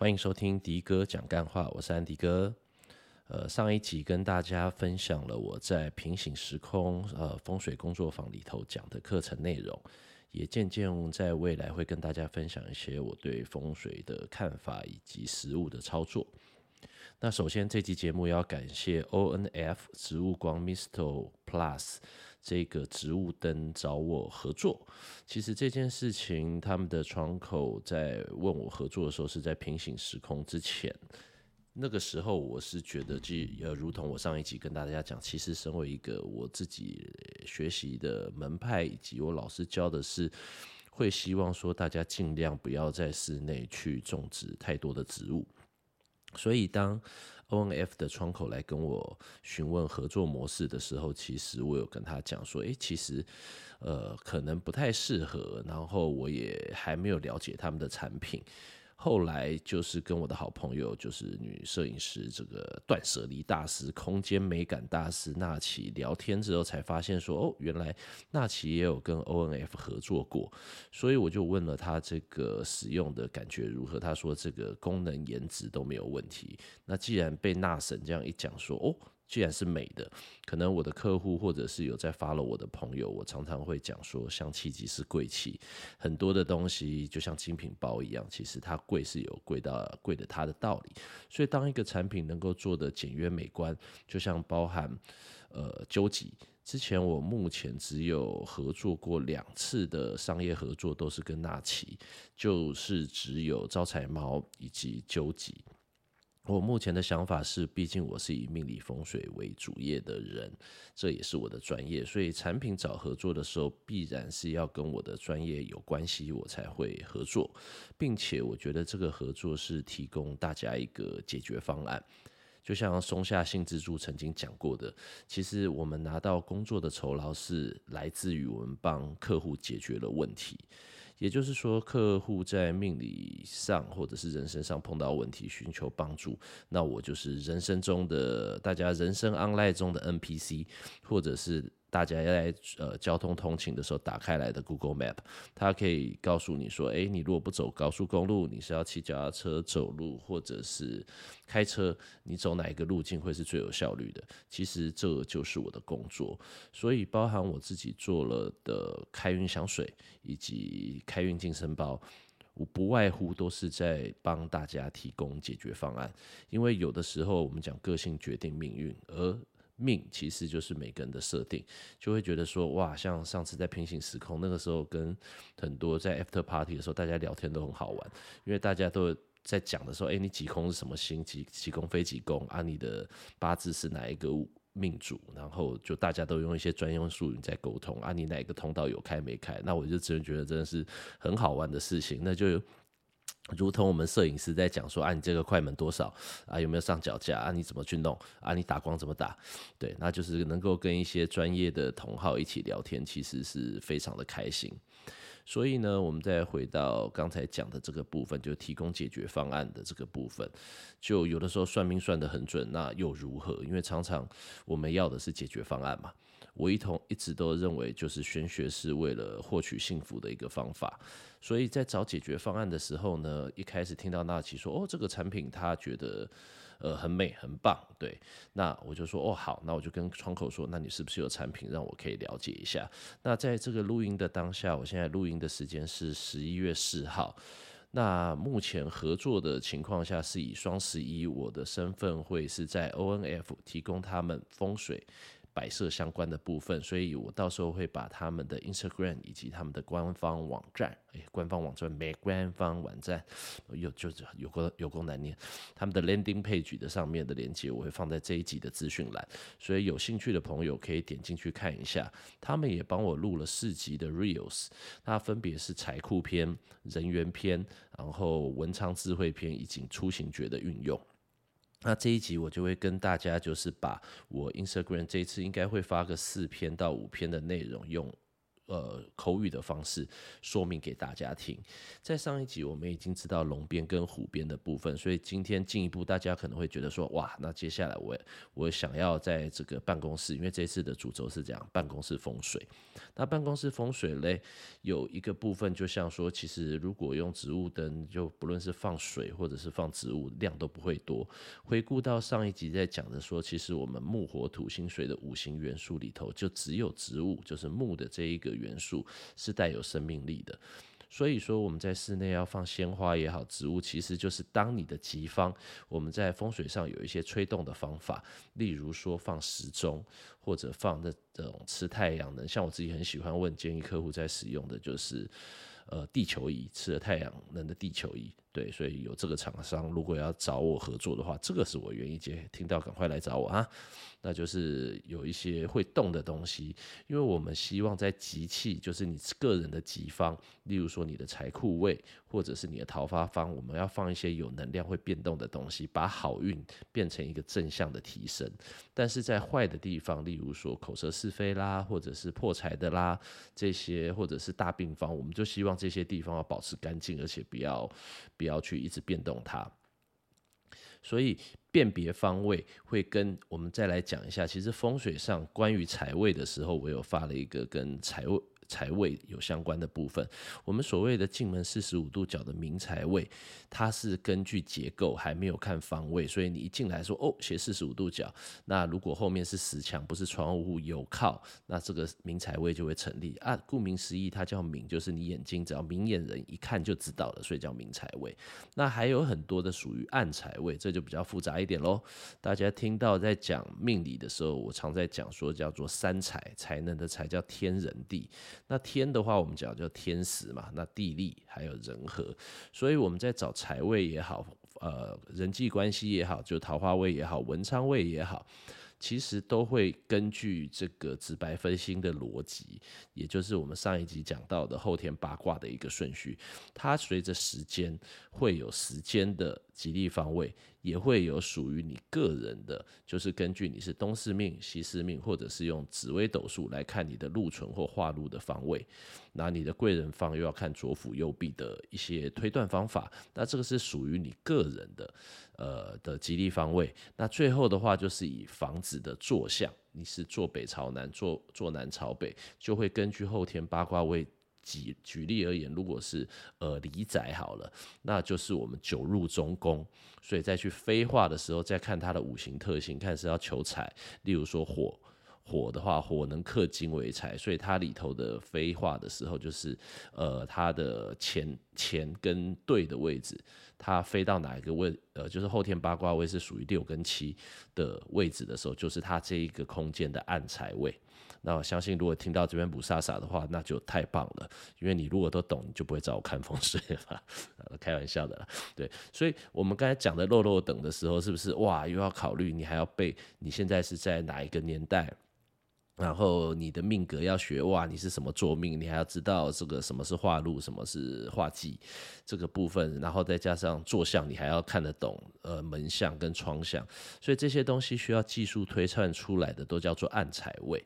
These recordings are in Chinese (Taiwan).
歡迎收聽迪哥講幹話，我是安迪哥。呃，上一集跟大家分享了我在平行時空呃風水工作坊裡頭講的課程內容，也漸漸在未來會跟大家分享一些我對風水的看法以及實務的操作。那首先，這期節目要感謝 ONF 植霧光 MIST O+ 這個植物燈找我合作。其實這件事情，他們的窗口在問我合作的時候是在平行時空之前。那個時候，我是覺得，即呃，如同我上一集跟大家講，其實身為一個我自己學習的門派以及我老師教的是，會希望說大家盡量不要在室內去種植太多的植物。所以當 ONF 的窗口來跟我詢問合作模式的時候，其實我有跟他講說，誒、欸，其實呃可能不太適合，然後我也還沒有了解他們的產品。後來就是跟我的好朋友，就是女攝影師這個斷捨離大師、空間美感大師娜琪聊天之後，才發現說，哦，原來娜琪也有跟 ONF 合作過。所以我就問了他這個使用的感覺如何，他說這個功能、顏值都沒有問題。那既然被娜神這樣一講，說哦。既然是美的，可能我的客戶或者是有在 follow 我的朋友，我常常會講說，香氣即是貴氣。很多的東西就像精品包一樣，其實它貴是有貴到貴的它的道理。所以，當一個產品能夠做得簡約美觀，就像包含呃究極。之前我目前只有合作過兩次的商業合作，都是跟納奇，就是只有招財貓以及究極。我目前的想法是，畢竟我是以命理風水為主業的人，這也是我的專業，所以產品找合作的時候，必然是要跟我的專業有關係，我才會合作，並且我覺得這個合作是提供大家一個解決方案。就像松下幸之助曾經講過的，其實我們拿到工作的酬勞是來自於我們幫客戶解決了問題。也就是說，客戶在命理上或者是人生上碰到問題，尋求幫助，那我就是人生中的大家人生 online 中的 NPC，或者是。大家要在呃交通通勤的時候打開來的 Google Map，它可以告訴你說，哎、欸，你如果不走高速公路，你是要騎腳踏車走路，或者是開車，你走哪一個路徑會是最有效率的？其實這就是我的工作，所以包含我自己做了的開運香水以及開運健身包，我不外乎都是在幫大家提供解決方案，因為有的時候我們講個性決定命運，而命其實就是每個人的設定，就會覺得說哇，像上次在平行時空那個時候，跟很多在 After Party 的時候，大家聊天都很好玩，因為大家都在講的時候，誒，你幾宮是什麼星，幾幾宮飛幾宮啊？你的八字是哪一個命主？然後就大家都用一些專用術語在溝通啊，你哪一個通道有開沒開？那我就只能覺得真的是很好玩的事情，那就。如同我們攝影師在講說，啊，你這個快門多少？啊，有沒有上腳架？啊，你怎麼去弄？啊，你打光怎麼打？對，那就是能夠跟一些專業的同好一起聊天，其實是非常的開心。所以呢，我們再回到剛才講的這個部分，就提供解決方案的這個部分，就有的時候算命算得很準，那又如何？因為常常我們要的是解決方案嘛。我一同一直都認為，就是玄學是為了獲取幸福的一個方法，所以在找解決方案的時候呢，一開始聽到納奇說，哦，這個產品他覺得。呃，很美，很棒，對。那我就說，哦，好，那我就跟窗口說，那你是不是有產品讓我可以了解一下？那在這個錄音的當下，我現在錄音的時間是十一月四號。那目前合作的情況下，是以雙十一我的身份會是在 ONF 提供他們風水擺設相關的部分，所以我到時候會把他們的 Instagram 以及他們的官方網站，欸、官方網站沒官方網站，有就是有夠有夠難念，他們的 landing page 的上面的鏈接我會放在這一集的資訊欄，所以有興趣的朋友可以點進去看一下。他們也幫我錄了四集的 reels，那分別是財庫篇、人員篇、然後文昌智慧篇以及出行訣的運用。那這一集我就會跟大家，就是把我 Instagram 這一次應該會發個四篇到五篇的內容用。呃，口語的方式說明給大家聽。在上一集我們已經知道龍邊跟虎邊的部分，所以今天進一步，大家可能會覺得說，哇，那接下來我我想要在這個辦公室，因為這次的主軸是講辦公室風水。那辦公室風水呢，有一個部分，就像說，其實如果用植物燈，就不論是放水或者是放植物，量都不會多。回顧到上一集在講的說，其實我們木火土金水的五行元素裡頭，就只有植物，就是木的這一個。元素是帶有生命力的，所以說我們在室內要放鮮花也好，植物其實就是當你的吉方。我們在風水上有一些催動的方法，例如說放時鐘，或者放那種吃太陽能，像我自己很喜歡問建議客戶在使用的就是，呃，地球儀，吃了太陽能的地球儀。對，所以有這個廠商，如果要找我合作的話，這個是我願意接。聽到，趕快來找我啊！那就是有一些會動的東西，因為我們希望在吉氣，就是你個人的吉方，例如說你的財庫位，或者是你的桃花方，我們要放一些有能量會變動的東西，把好運變成一個正向的提升。但是在壞的地方，例如說口舌是非啦，或者是破財的啦，這些或者是大病方，我們就希望這些地方要保持乾淨，而且不要。不要去一直變動它，所以辨別方位會跟我們再來講一下。其實風水上關於財位的時候，我有發了一個跟財位。財位有相關的部分，我們所謂的進門四十五度角的明財位，它是根據結構還沒有看方位，所以你一進來說哦，斜四十五度角，那如果後面是實牆不是窗戶有靠，那這個明財位就會成立啊。顧名思義，它叫明，就是你眼睛只要明眼人一看就知道了，所以叫明財位。那還有很多的屬於暗財位，這就比較複雜一點嘍。大家聽到在講命理的時候，我常在講說叫做三才才能的才，叫天人地。那天的話，我們講叫天時嘛，那地利還有人和，所以我們在找財位也好，呃，人際關係也好，就桃花位也好，文昌位也好，其實都會根據這個紫白飛星的邏輯，也就是我們上一集講到的後天八卦的一個順序，它隨着時間會有時間的。吉利方位也會有屬於你個人的，就是根據你是東四命、西四命，或者是用紫微斗數來看你的祿存或化祿的方位。那你的貴人方又要看左輔右弼的一些推斷方法。那這個是屬於你個人的，呃的吉利方位。那最後的話就是以房子的坐向，你是坐北朝南，坐坐南朝北，就會根據後天八卦位。舉舉例而言，如果是呃離宅好了，那就是我們九入中宮，所以再去飛化的時候，再看它的五行特性，看是要求財。例如說火，火的話，火能克金為財，所以它裡頭的飛化的時候，就是呃它的乾乾跟兌的位置，它飛到哪一個位，呃就是後天八卦位是屬於六跟七的位置的時候，就是它這一個空間的暗財位。那我相信，如果聽到這邊霧煞煞的話，那就太棒了。因為你如果都懂，你就不會找我看風水了。 開玩笑的啦，對。所以我們剛才講的漏漏等的時候，是不是哇？又要考慮你還要背，你現在是在哪一個年代？然後你的命格要學哇，你是什麼坐命？你還要知道這個什麼是化祿，什麼是化忌這個部分。然後再加上坐向，你還要看得懂呃，門向跟窗向。所以這些東西需要技術推算出來的，都叫做暗財位。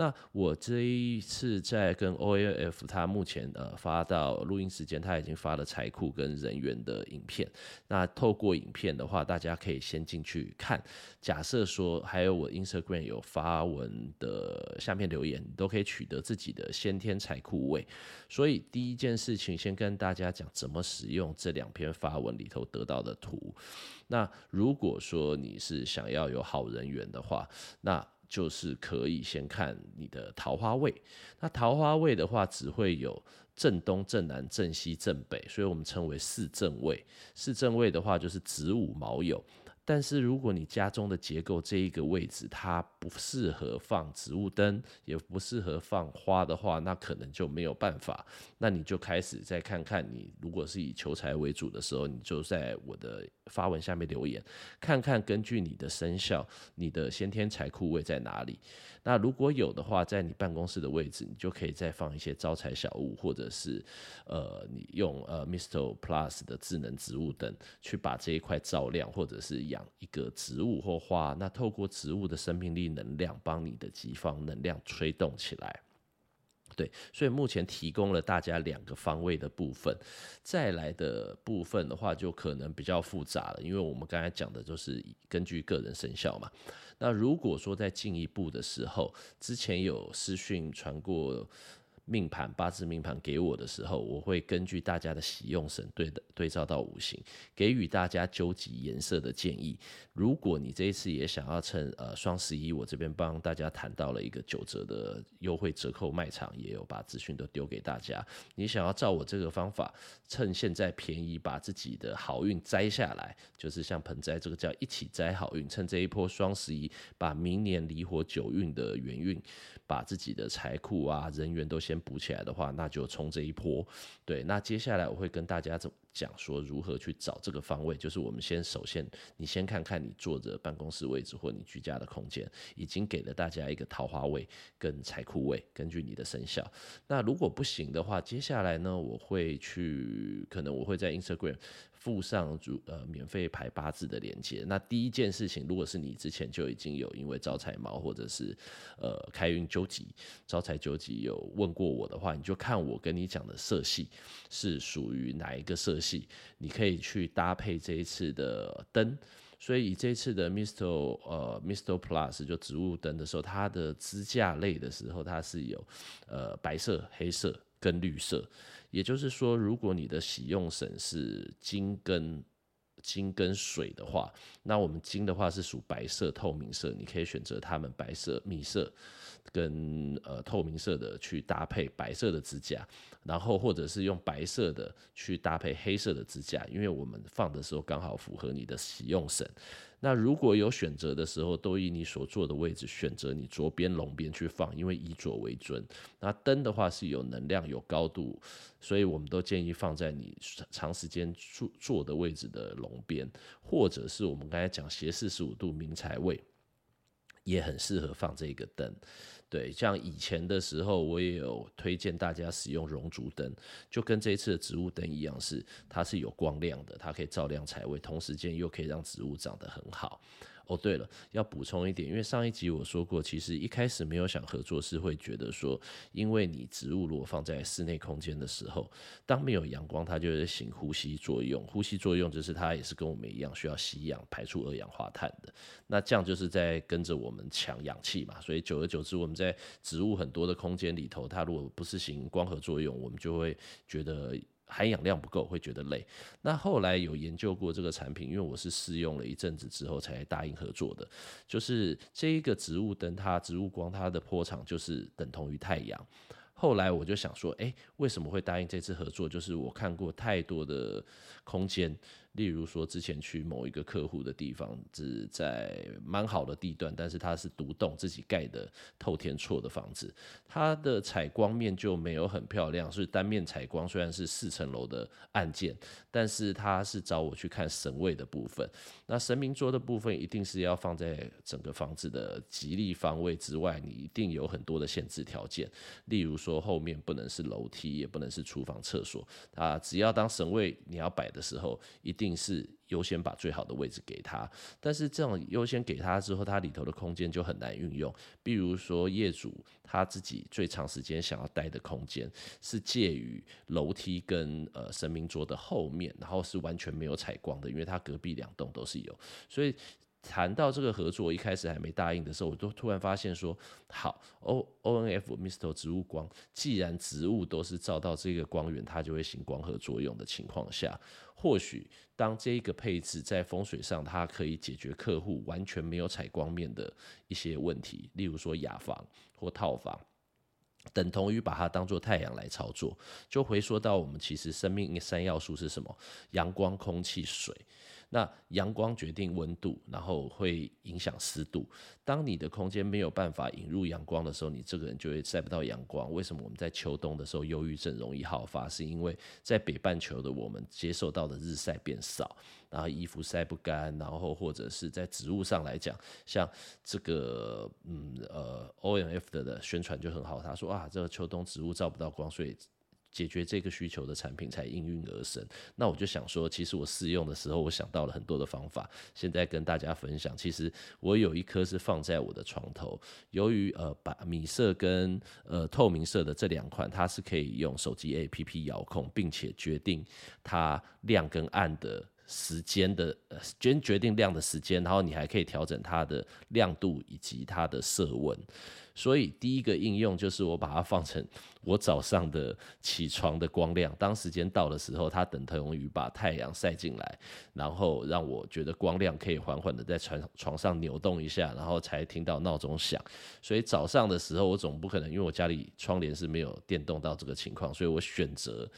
那我這一次在跟 ONF，他目前呃發到錄音時間，他已經發了財庫跟人緣的影片。那透過影片的話，大家可以先進去看，假設說還有我 Instagram 有發文的下面留言，你都可以取得自己的先天財庫位。所以第一件事情，先跟大家講怎麼使用這兩篇發文裡頭得到的圖。那如果說你是想要有好人緣的話，那就是可以先看你的桃花位，那桃花位的話只會有正東、正南、正西、正北，所以我們稱為四正位。四正位的話就是子午卯酉。但是如果你家中的結構這一個位置它不適合放植物燈，也不適合放花的話，那可能就沒有辦法。那你就開始再看看你，如果是以求財為主的時候，你就在我的。發文下面留言，看看根據你的生肖，你的先天財庫位在哪裡？那如果有的話，在你辦公室的位置，你就可以再放一些招財小物，或者是呃，你用呃，MIST O+ 的智能植物燈去把這一塊照亮，或者是養一個植物或花，那透過植物的生命力能量，幫你的吉方能量吹動起來。對，所以目前提供了大家兩個方位的部分，再來的部分的話，就可能比較複雜了，因為我們剛才講的就是根據個人生肖嘛。那如果說再進一步的時候，之前有私訊傳過。命盤八字命盤給我的時候，我會根據大家的喜用神對對照到五行，給予大家究極顏色的建議。如果你這一次也想要趁呃雙十一，我這邊幫大家談到了一個九折的優惠折扣賣場，也有把資訊都丟給大家。你想要照我這個方法，趁現在便宜，把自己的好運摘下來，就是像盆栽這個叫一起摘好運，趁這一波雙十一，把明年離火九運的元運。把自己的財庫啊、人員都先補起來的話，那就衝這一波。對，那接下來我會跟大家怎講說如何去找這個方位，就是我們先首先你先看看你坐着辦公室位置或你居家的空間，已經給了大家一個桃花位跟財庫位，根據你的生肖。那如果不行的話，接下來呢，我會去，可能我會在 Instagram。附上主，呃免費排八字的鏈接。那第一件事情，如果是你之前就已經有因為招財貓或者是呃開運九級招財九級有問過我的話，你就看我跟你講的色系是屬於哪一個色系，你可以去搭配這一次的燈。所以以這一次的 MIST O 呃 MIST O Plus 就植物燈的時候，它的支架類的時候，它是有呃白色、黑色跟綠色。也就是說，如果你的喜用神是金跟金跟水的話，那我們金的話是屬白色、透明色，你可以選擇它們白色、米色跟呃透明色的去搭配白色的支架，然後或者是用白色的去搭配黑色的支架，因為我們放的時候剛好符合你的喜用神。那如果有選擇的時候，都以你所坐的位置選擇你左邊、龍邊去放，因為以左為尊。那燈的話是有能量、有高度，所以我們都建議放在你長時間坐坐的位置的龍邊，或者是我們剛才講斜四十五度明財位，也很適合放這個燈。對，像以前的時候，我也有推薦大家使用熔燭燈，就跟這次的植物燈一樣是，是它是有光亮的，它可以照亮財位，同時間又可以讓植物長得很好。哦，oh, 對了，要補充一點，因為上一集我說過，其實一開始沒有想合作是會覺得說，因為你植物如果放在室內空間的時候，當沒有陽光，它就會行呼吸作用，呼吸作用就是它也是跟我們一樣需要吸氧排出二氧化碳的，那這樣就是在跟着我們搶氧氣嘛，所以久而久之，我們在植物很多的空間裡頭，它如果不是行光合作用，我們就會覺得。含氧量不夠，會覺得累。那後來有研究過這個產品，因為我是試用了一陣子之後才答應合作的。就是這一個植物燈，它植物光它的波長就是等同於太陽。後來我就想說，哎、欸，為什麼會答應這次合作？就是我看過太多的空間。例如說，之前去某一個客戶的地方，是在蠻好的地段，但是它是獨棟自己蓋的透天厝的房子，它的採光面就沒有很漂亮，是單面採光。雖然是四層樓的案件，但是他是找我去看神位的部分。那神明桌的部分一定是要放在整個房子的吉利方位之外，你一定有很多的限制條件。例如說，後面不能是樓梯，也不能是廚房、廁所啊。只要當神位你要擺的時候，一一定是優先把最好的位置給他，但是這樣優先給他之後，它裡頭的空間就很難運用。比如說，業主他自己最長時間想要待的空間，是介於樓梯跟呃神明桌的後面，然後是完全沒有採光的，因為他隔壁兩棟都是有，所以。談到這個合作，一開始還沒答應的時候，我就突然發現說，好，O ONF MIST O 植霧光，既然植物都是照到這個光源，它就會行光合作用的情況下，或許當這一個配置在風水上，它可以解決客戶完全沒有採光面的一些問題，例如說雅房或套房，等同於把它當作太陽來操作，就回說到我們其實生命三要素是什麼？陽光、空氣、水。那陽光決定溫度，然後會影響濕度。當你的空間沒有辦法引入陽光的時候，你這個人就會曬不到陽光。為什麼我們在秋冬的時候憂鬱症容易好發？是因為在北半球的我們接受到的日曬變少，然後衣服曬不乾，然後或者是在植物上來講，像這個嗯呃 ONF 的的宣傳就很好，他說啊，這個秋冬植物照不到光，所以。解決這個需求的產品才應運而生。那我就想說，其實我試用的時候，我想到了很多的方法，現在跟大家分享。其實我有一顆是放在我的床頭，由於呃把米色跟呃透明色的這兩款，它是可以用手機 APP 遙控，並且決定它亮跟暗的。時間的呃，決定亮的時間，然後你還可以調整它的亮度以及它的色溫。所以第一個應用就是我把它放成我早上的起床的光亮。當時間到的時候，它等同於把太陽曬進來，然後讓我覺得光亮可以緩緩的在床床上扭動一下，然後才聽到鬧鐘響。所以早上的時候我總不可能，因為我家裡窗簾是沒有電動到這個情況，所以我選擇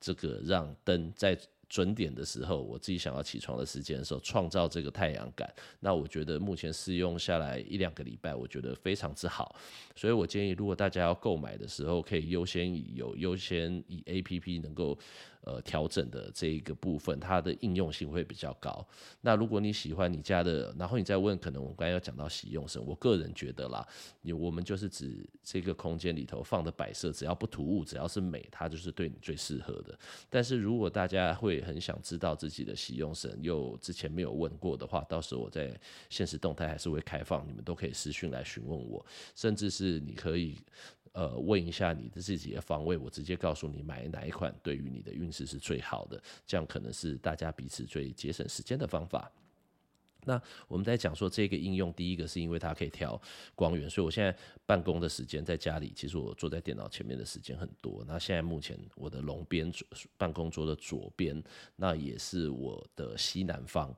這個讓燈在。準點的時候，我自己想要起床的時間的時候，創造這個太陽感。那我覺得目前試用下來一兩個禮拜，我覺得非常之好。所以我建議，如果大家要購買的時候，可以優先以有優先以 APP 能夠。呃，調整的這一個部分，它的應用性會比較高。那如果你喜歡你家的，然後你再問，可能我剛才要講到喜用神，我個人覺得啦，你我們就是指這個空間裡頭放的擺設，只要不突兀，只要是美，它就是對你最適合的。但是如果大家會很想知道自己的喜用神，又之前沒有問過的話，到時候我在現實動態還是會開放，你們都可以私訊來詢問我，甚至是你可以。呃，問一下你的自己的方位，我直接告訴你買哪一款對於你的運勢是最好的，這樣可能是大家彼此最節省時間的方法。那我們在講說這個應用，第一個是因為它可以調光源，所以我現在辦公的時間在家裡，其實我坐在電腦前面的時間很多。那現在目前我的龍邊辦公桌的左邊，那也是我的西南方，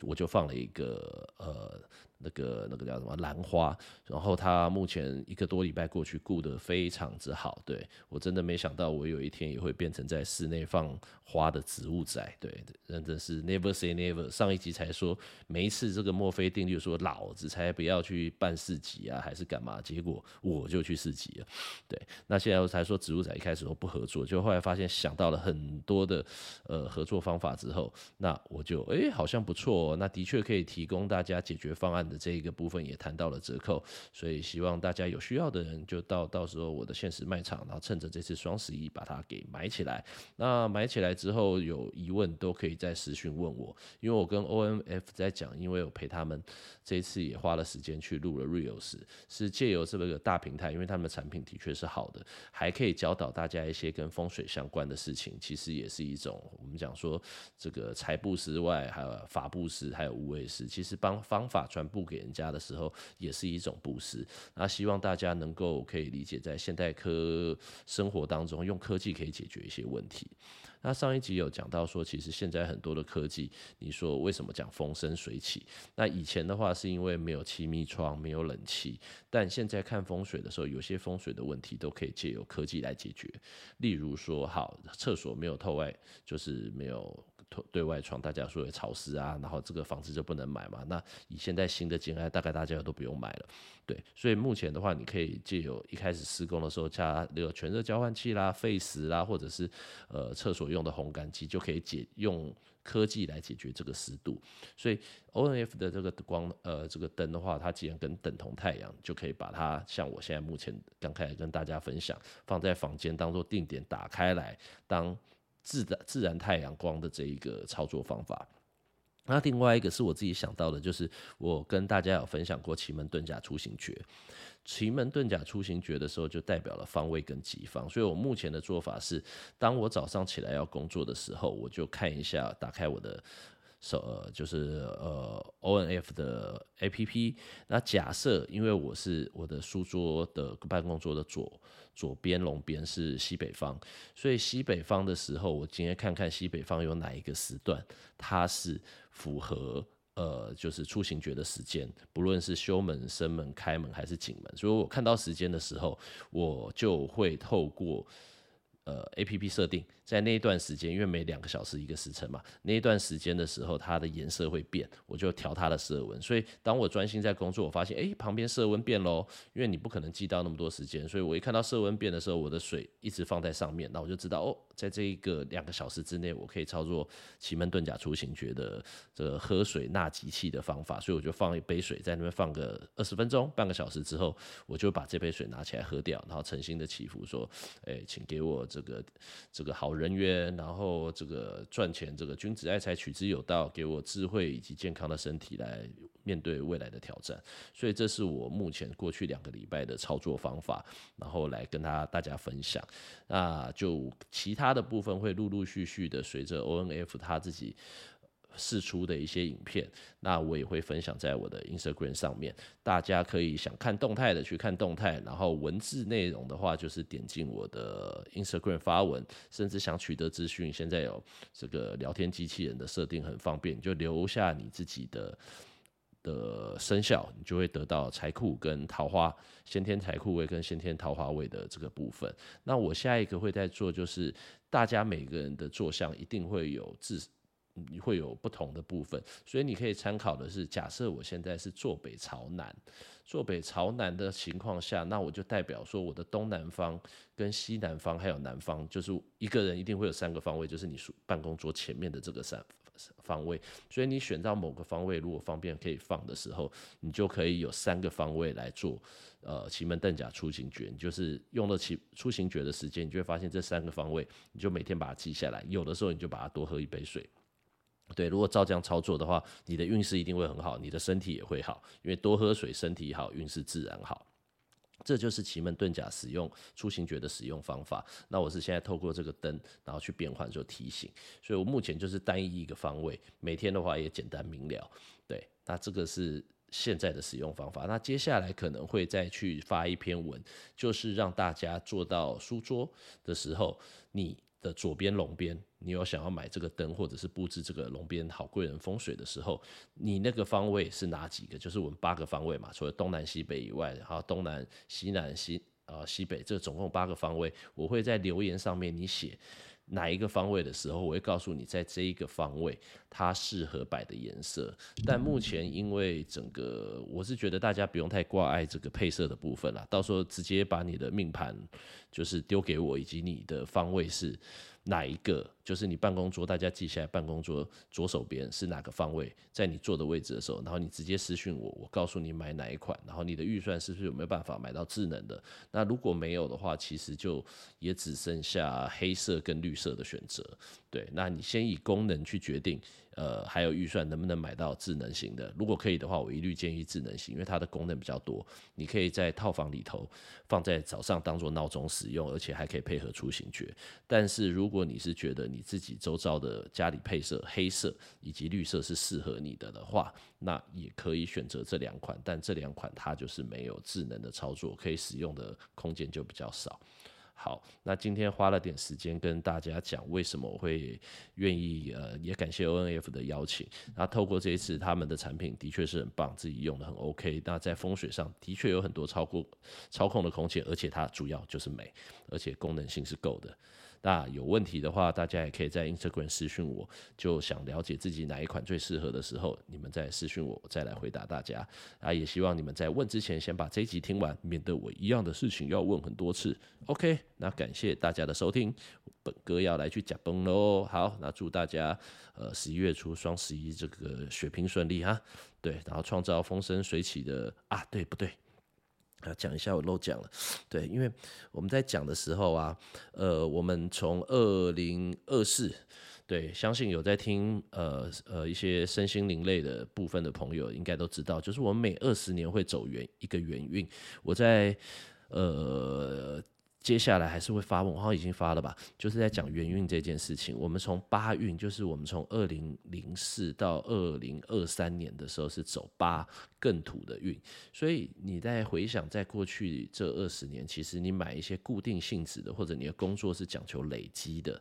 我就放了一個呃。那個那個叫什麼蘭花，然後他目前一個多禮拜過去，顧得非常之好。對，我真的沒想到，我有一天也會變成在室內放花的植物仔。對，真的是 never say never。上一集才說，每一次這個墨菲定律說老子才不要去辦市集啊，還是幹嘛？結果我就去市集了。對，那現在我才說植物仔一開始都不合作，就後來發現想到了很多的呃合作方法之後，那我就哎，欸，好像不錯哦，那的確可以提供大家解決方案。這一個部分也談到了折扣，所以希望大家有需要的人就到到時候我的限時賣場，然後趁着這次雙十一把它給買起來。那買起來之後有疑問都可以在實訊問我，因為我跟 ONF 在講，因為我陪他們這一次也花了時間去錄了 Reels 是借由這麼一個大平台，因為他們的產品的確是好的，還可以教導大家一些跟風水相關的事情，其實也是一種我們講說這個財布施外還有法布施，還有無畏施，其實幫方法傳播。給人家的時候也是一種布施，那希望大家能夠可以理解，在現代科生活當中，用科技可以解決一些問題。那上一集有講到說，其實現在很多的科技，你說為什麼講風生水起？那以前的話是因為沒有氣密窗，沒有冷氣，但現在看風水的時候，有些風水的問題都可以借由科技來解決。例如說，好，廁所沒有透外，就是沒有。對外窗，大家說也潮濕啊，然後這個房子就不能買嘛。那以現在新的經驗，大概大家都不用買了。對，所以目前的話，你可以借由一開始施工的時候加那個全熱交換器啦、沸石啦，或者是呃廁所用的烘乾機，就可以解用科技來解決這個濕度。所以 ONF 的這個光呃這個燈的話，它既然跟等同太陽，就可以把它像我現在目前剛開始跟大家分享，放在房間當做定點打開來當。自然、自然太陽光的這一個操作方法。那另外一個是我自己想到的，就是我跟大家有分享過奇門遁甲出行《奇門遁甲出行訣》。奇門遁甲出行訣的時候，就代表了方位跟吉方。所以我目前的做法是，當我早上起來要工作的時候，我就看一下，打開我的。So, 呃，就是呃，ONF 的 APP。那假設，因為我是我的書桌的辦公桌的左左邊龍邊是西北方，所以西北方的時候，我今天看看西北方有哪一個時段，它是符合呃，就是出行訣的時間，不論是休門、生門、開門還是景門。所以我看到時間的時候，我就會透過。呃，APP 設定在那一段時間，因為每兩個小時一個時辰嘛，那一段時間的時候，它的顏色會變，我就調它的色溫。所以當我專心在工作，我發現，誒、欸，旁邊色溫變嘍，因為你不可能記到那麼多時間，所以我一看到色溫變的時候，我的水一直放在上面，那我就知道，哦。在這一個兩個小時之內，我可以操作奇門遁甲出行訣的這個喝水納吉氣的方法，所以我就放一杯水在那邊放個二十分鐘，半個小時之後，我就把這杯水拿起來喝掉，然後誠心的祈福說：“哎、欸，請給我這個這個好人緣，然後這個賺錢，這個君子愛財，取之有道，給我智慧以及健康的身體來面對未來的挑戰。”所以這是我目前過去兩個禮拜的操作方法，然後來跟大家分享。那就其他。它的部分會陸陸續續的隨着 ONF 它自己釋出的一些影片，那我也會分享在我的 Instagram 上面，大家可以想看動態的去看動態，然後文字內容的話就是點進我的 Instagram 發文，甚至想取得資訊，現在有這個聊天機器人的設定很方便，就留下你自己的。的生肖，你就會得到財庫跟桃花，先天財庫位跟先天桃花位的這個部分。那我下一個會再做，就是大家每個人的坐向一定會有自會有不同的部分，所以你可以參考的是，假設我現在是坐北朝南，坐北朝南的情況下，那我就代表說我的東南方跟西南方還有南方，就是一個人一定會有三個方位，就是你所辦公桌前面的這個三。方位，所以你選到某個方位，如果方便可以放的時候，你就可以有三個方位來做，呃，奇門遁甲出行訣，你就是用了奇出行訣的時間，你就會發現這三個方位，你就每天把它記下來，有的時候你就把它多喝一杯水，對，如果照這樣操作的話，你的運勢一定會很好，你的身體也會好，因為多喝水，身體好，運勢自然好。這就是奇門遁甲使用出行訣的使用方法。那我是現在透過這個燈，然後去變換，就提醒。所以我目前就是單一一個方位，每天的話也簡單明了。對，那這個是現在的使用方法。那接下來可能會再去發一篇文，就是讓大家坐到書桌的時候，你。的左邊龍邊，你有想要買這個燈，或者是布置這個龍邊好貴人風水的時候，你那個方位是哪幾個？就是我們八個方位嘛，除了東南西北以外，然後東南、西南西、西、呃、啊西北，這總共八個方位，我會在留言上面你寫。哪一個方位的時候，我會告訴你，在這一個方位它適合擺的顏色。但目前因為整個，我是覺得大家不用太掛礙這個配色的部分啦，到時候直接把你的命盤就是丟給我，以及你的方位是。哪一個？就是你辦公桌，大家記下來，辦公桌左手邊是哪個方位，在你坐的位置的時候，然後你直接私訊我，我告訴你買哪一款，然後你的預算是不是有沒有辦法買到智能的？那如果沒有的話，其實就也只剩下黑色跟綠色的選擇。對，那你先以功能去決定。呃，還有預算能不能買到智能型的？如果可以的話，我一律建議智能型，因為它的功能比較多。你可以在套房裡頭放在早上當做鬧鐘使用，而且還可以配合出行覺。但是如果你是覺得你自己周遭的家裡配色黑色以及綠色是適合你的的話，那也可以選擇這兩款。但這兩款它就是沒有智能的操作，可以使用的空間就比較少。好，那今天花了點時間跟大家講為什麼我會願意呃，也感謝 ONF 的邀請。那透過這一次，他們的產品的確是很棒，自己用的很 OK。那在風水上的確有很多超過操控的空間，而且它主要就是美，而且功能性是夠的。那有問題的話，大家也可以在 Instagram 私訊我。就想了解自己哪一款最適合的時候，你們再私訊我，我再來回答大家。啊，也希望你們在問之前先把這一集聽完，免得我一樣的事情要問很多次。OK，那感謝大家的收聽，我本哥要來去呷崩嘍。好，那祝大家呃十一月初雙十一這個血拼順利哈。對，然後創造風生水起的啊，對不對？講一下，我漏講了，對，因為我們在講的時候啊，呃，我們從二零二四，對，相信有在聽呃呃一些身心靈類的部分的朋友，應該都知道，就是我們每二十年會走圓一個圓運，我在呃。接下來還是會發文，好像已經發了吧？就是在講元運這件事情。我們從八運，就是我們從二零零四到二零二三年的時候是走八艮土的運，所以你在回想在過去這二十年，其實你買一些固定性質的，或者你的工作是講求累積的。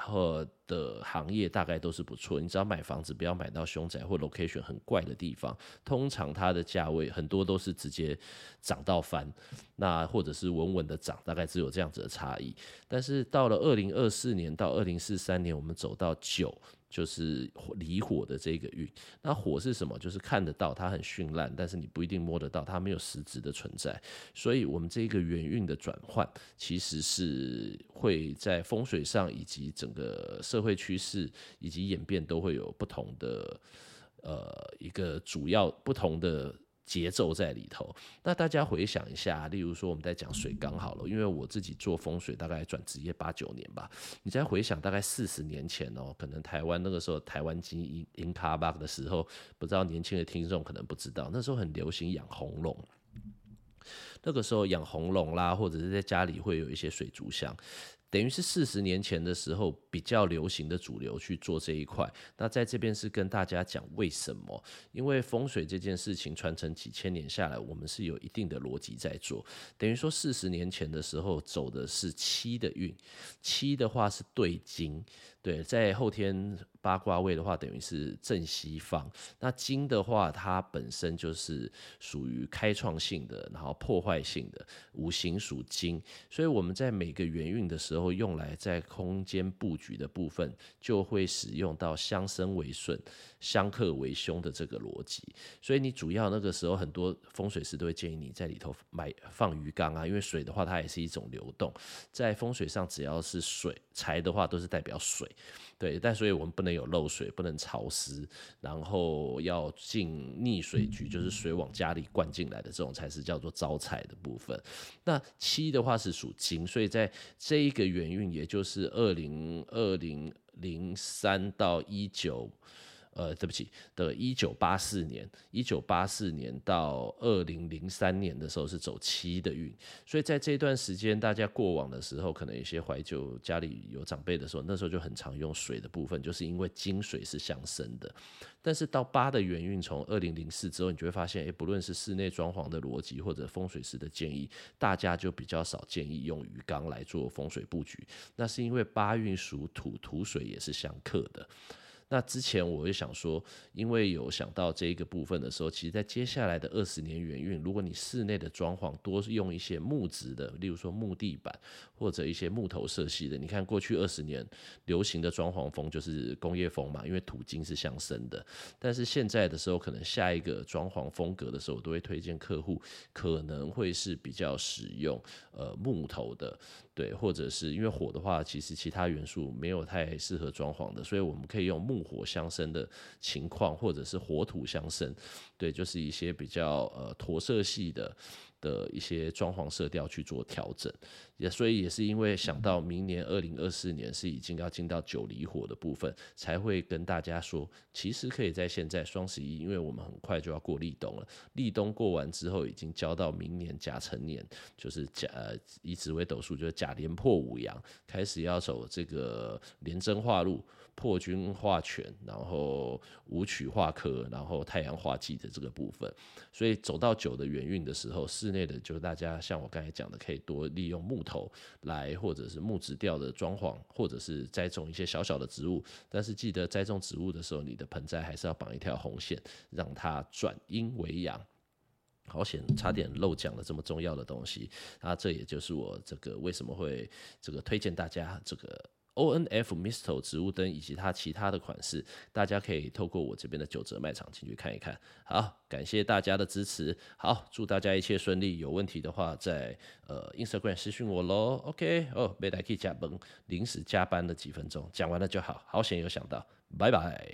和的行業大概都是不錯，你只要買房子不要買到凶宅或 location 很怪的地方，通常它的價位很多都是直接漲到翻，那或者是穩穩的漲，大概只有這樣子的差異。但是到了二零二四年到二零四三年，我們走到九。就是火離火的這個運，那火是什麼？就是看得到它很絢爛，但是你不一定摸得到，它沒有實質的存在。所以，我們這個元運的轉換，其實是會在風水上以及整個社會趨勢以及演變都會有不同的，呃，一個主要不同的。節奏在裡頭，那大家回想一下，例如說我們在講水缸好了，因為我自己做風水大概轉職業八九年吧，你再回想大概四十年前哦、喔，可能台灣那個時候台灣經銀卡巴的時候，不知道年輕的聽眾可能不知道，那時候很流行養紅龍，那個時候養紅龍啦，或者是在家裡會有一些水族箱。等於是四十年前的時候比較流行，的主流去做這一塊，那在這邊是跟大家講為什麼？因為風水這件事情傳承幾千年下來，我們是有一定的邏輯在做。等於說四十年前的時候走的是七的運，七的話是對金，對，在後天，八卦位的話，等於是正西方。那金的話，它本身就是屬於開創性的，然後破壞性的。五行屬金，所以我們在每個元運的時候，用來在空間布局的部分，就會使用到相生為順，相克為凶的這個邏輯。所以你主要那個時候，很多風水師都會建議你在裡頭買放魚缸啊，因為水的話，它也是一種流動。在風水上，只要是水財的話，都是代表水。對，但所以我們不能。沒有漏水，不能潮濕，然後要進逆水局，就是水往家裡灌進來的這種才是叫做招財的部分。那七的話是屬金，所以在這一個元運，也就是二零二零零三到一九，呃，對不起，的一九八四年，一九八四年到二零零三年的時候是走七的運，所以在這一段時間，大家過往的時候，可能一些懷舊，家裡有長輩的時候，那時候就很常用水的部分，就是因為金水是相生的。但是到八的元運從二零零四之後，你就會發現，哎，不論是室內裝潢的邏輯或者風水師的建議，大家就比較少建議用魚缸來做風水布局，那是因為八運屬土，土水也是相克的。那之前我也想說，因為有想到這一個部分的時候，其實，在接下來的二十年元運，如果你室內的裝潢多用一些木質的，例如說木地板或者一些木頭色系的，你看過去二十年流行的裝潢風就是工業風嘛，因為土金是相生的。但是現在的時候，可能下一個裝潢風格的時候，我都會推薦客戶可能會是比較使用呃木頭的。對，或者是因為火的話，其實其他元素沒有太適合裝潢的，所以我們可以用木火相生的情況，或者是火土相生，對，就是一些比較呃駝色系的的一些裝潢色調去做調整。也所以也是因為想到明年二零二四年是已經要進到九離火的部分，才會跟大家說，其實可以在現在雙十一，因為我們很快就要過立冬了，立冬過完之後已經交到明年甲辰年，就是甲以子為斗數，就是甲廉破武陽，開始要走這個廉貞化祿破軍化權，然後武曲化科，然後太陽化忌的這個部分，所以走到九的元運的時候，室內的就是大家像我剛才講的，可以多利用木頭頭來，或者是木質調的裝潢，或者是栽種一些小小的植物，但是記得栽種植物的時候，你的盆栽還是要綁一條紅線，讓它轉陰為陽。好險，差點漏講了這麼重要的東西啊！那這也就是我這個為什麼會這個推薦大家這個。ONF MIST O 植物燈以及它其他的款式，大家可以透過我這邊的九折賣場進去看一看。好，感謝大家的支持。好，祝大家一切順利。有問題的話，在呃 Instagram 私訊我嘍。OK，哦，沒來可以加班，臨時加班了幾分鐘，講完了就好。好險有想到，拜拜。